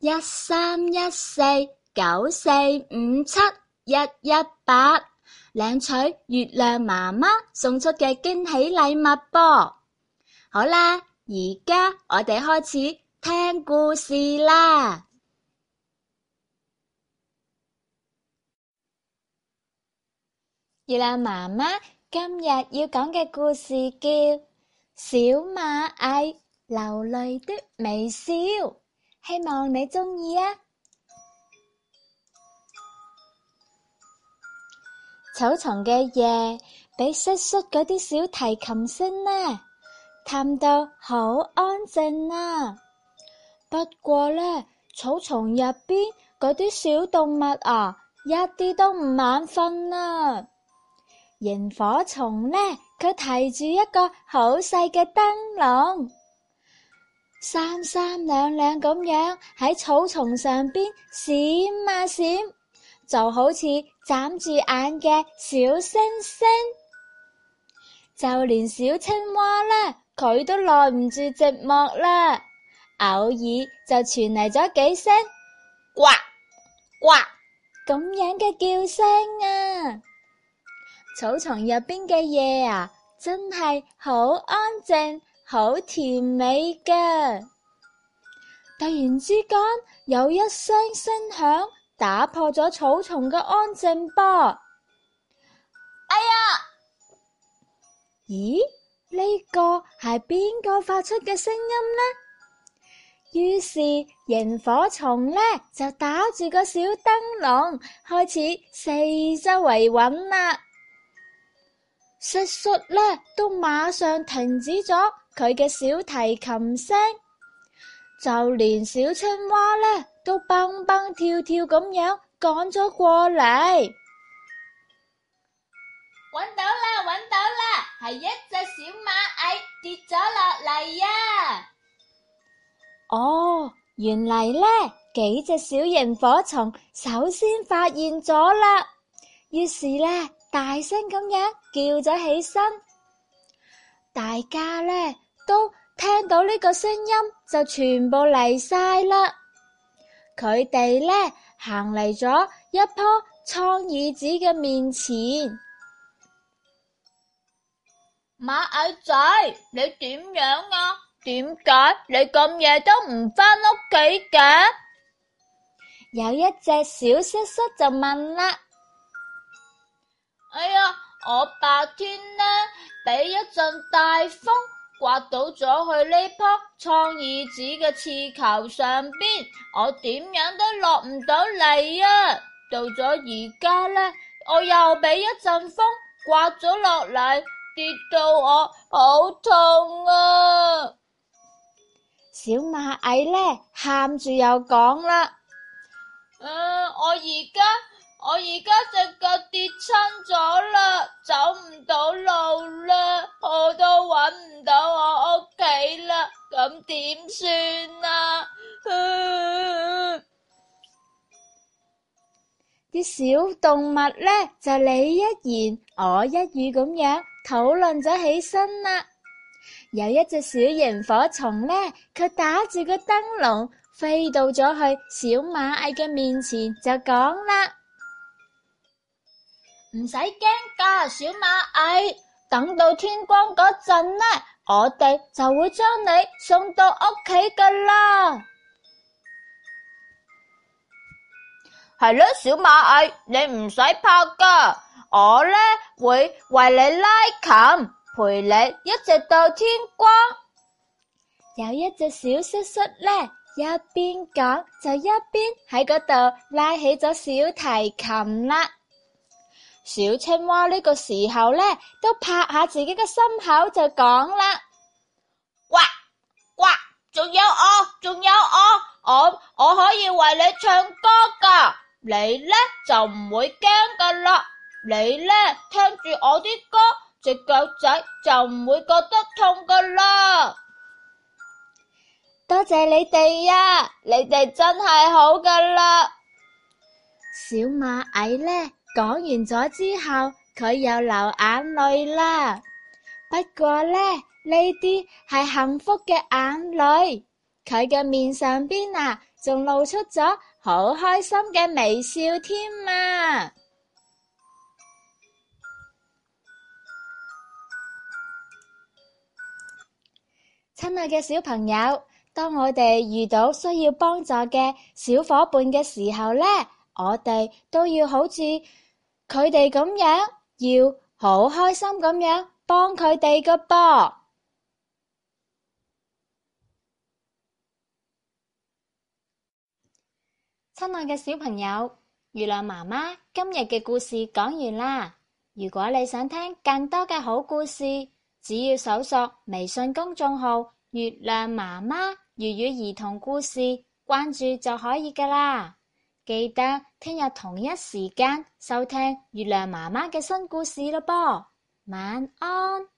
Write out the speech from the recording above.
一三一四九四五七一一八，領取月亮媽媽送出嘅驚喜禮物啵。好啦，而家我哋開始聽故事啦。月亮媽媽今日要講嘅故事叫《小螞蟻流淚的微笑》。希望你中意啊！草叢嘅夜，畀蟋蟀嗰啲小提琴聲呢、啊，探到好安靜啊。不過呢，草叢入邊嗰啲小動物啊，一啲都唔眼瞓啊。螢火蟲呢，佢提住一個好細嘅燈籠。三三兩兩咁樣喺草叢上邊閃啊閃，就好似眨住眼嘅小星星。就連小青蛙咧，佢都耐唔住寂寞啦，偶爾就傳嚟咗幾聲呱呱咁樣嘅叫聲啊！草叢入邊嘅夜啊，真係好安靜。好甜美嘅，突然之間有一聲聲響打破咗草叢嘅安靜啵。哎呀，咦？呢個係邊個發出嘅聲音呢？於是螢火蟲呢就打住個小燈籠，開始四周圍穩啦。蟋蟀呢都馬上停止咗。佢嘅小提琴聲，就連，小青蛙呢都蹦蹦跳跳咁樣趕咗過嚟，揾到啦，揾到啦，係一隻小螞蟻跌咗落嚟呀！哦，原嚟呢幾隻小螢火蟲首先發現咗啦，於是呢大聲咁樣叫咗起身，大家呢。都聽到呢個聲音，就全部嚟晒啦。佢哋呢，行嚟咗一棵蒼耳子嘅面前。螞蟻仔，你點樣啊？點解你咁夜都唔返屋企嘅？有一隻小蟋蟀就問啦：哎呀，我白天呢俾一陣大風。刮到咗去呢棵蒼耳子嘅刺球上邊，我點樣都落唔到嚟啊！到咗而家呢，我又俾一陣風刮咗落嚟，跌到我好痛啊！小螞蟻呢喊住又講啦：啊、呃，我而家。我而家隻腳跌親咗啦，走唔到路啦，我都搵唔到我屋企啦，咁點算啊？啲 小動物呢，就你一言我一語咁樣討論咗起身啦。有一隻小螢火蟲呢，佢打住個燈籠飛到咗去小螞蟻嘅面前就講啦。唔使驚噶，小螞蟻，等到天光嗰陣呢，我哋就會將你送到屋企噶啦。係咯、嗯，小螞蟻，你唔使怕噶，我呢會為你拉琴，陪你一直到天光。有一隻小蟋蟀呢，一邊講就一邊喺嗰度拉起咗小提琴啦。小青蛙呢個時候呢，都拍下自己嘅心口就講啦，呱呱，仲有我，仲有我，我我可以為你唱歌噶，你呢，就唔會驚噶啦，你呢，聽住我啲歌，隻腳仔就唔會覺得痛噶啦，多謝你哋呀、啊，你哋真係好噶啦，小螞蟻呢。講完咗之後，佢又流眼淚啦。不過呢，呢啲係幸福嘅眼淚，佢嘅面上邊啊，仲露出咗好開心嘅微笑添啊！親愛嘅小朋友，當我哋遇到需要幫助嘅小伙伴嘅時候呢，我哋都要好似。佢哋咁樣，要好開心咁樣幫佢哋噶啵。親愛嘅小朋友，月亮媽媽今日嘅故事講完啦。如果你想聽更多嘅好故事，只要搜索微信公眾號“月亮媽媽粵語兒童故事”，關注就可以噶啦。記得聽日同一時間收聽月亮媽媽嘅新故事咯噃，晚安。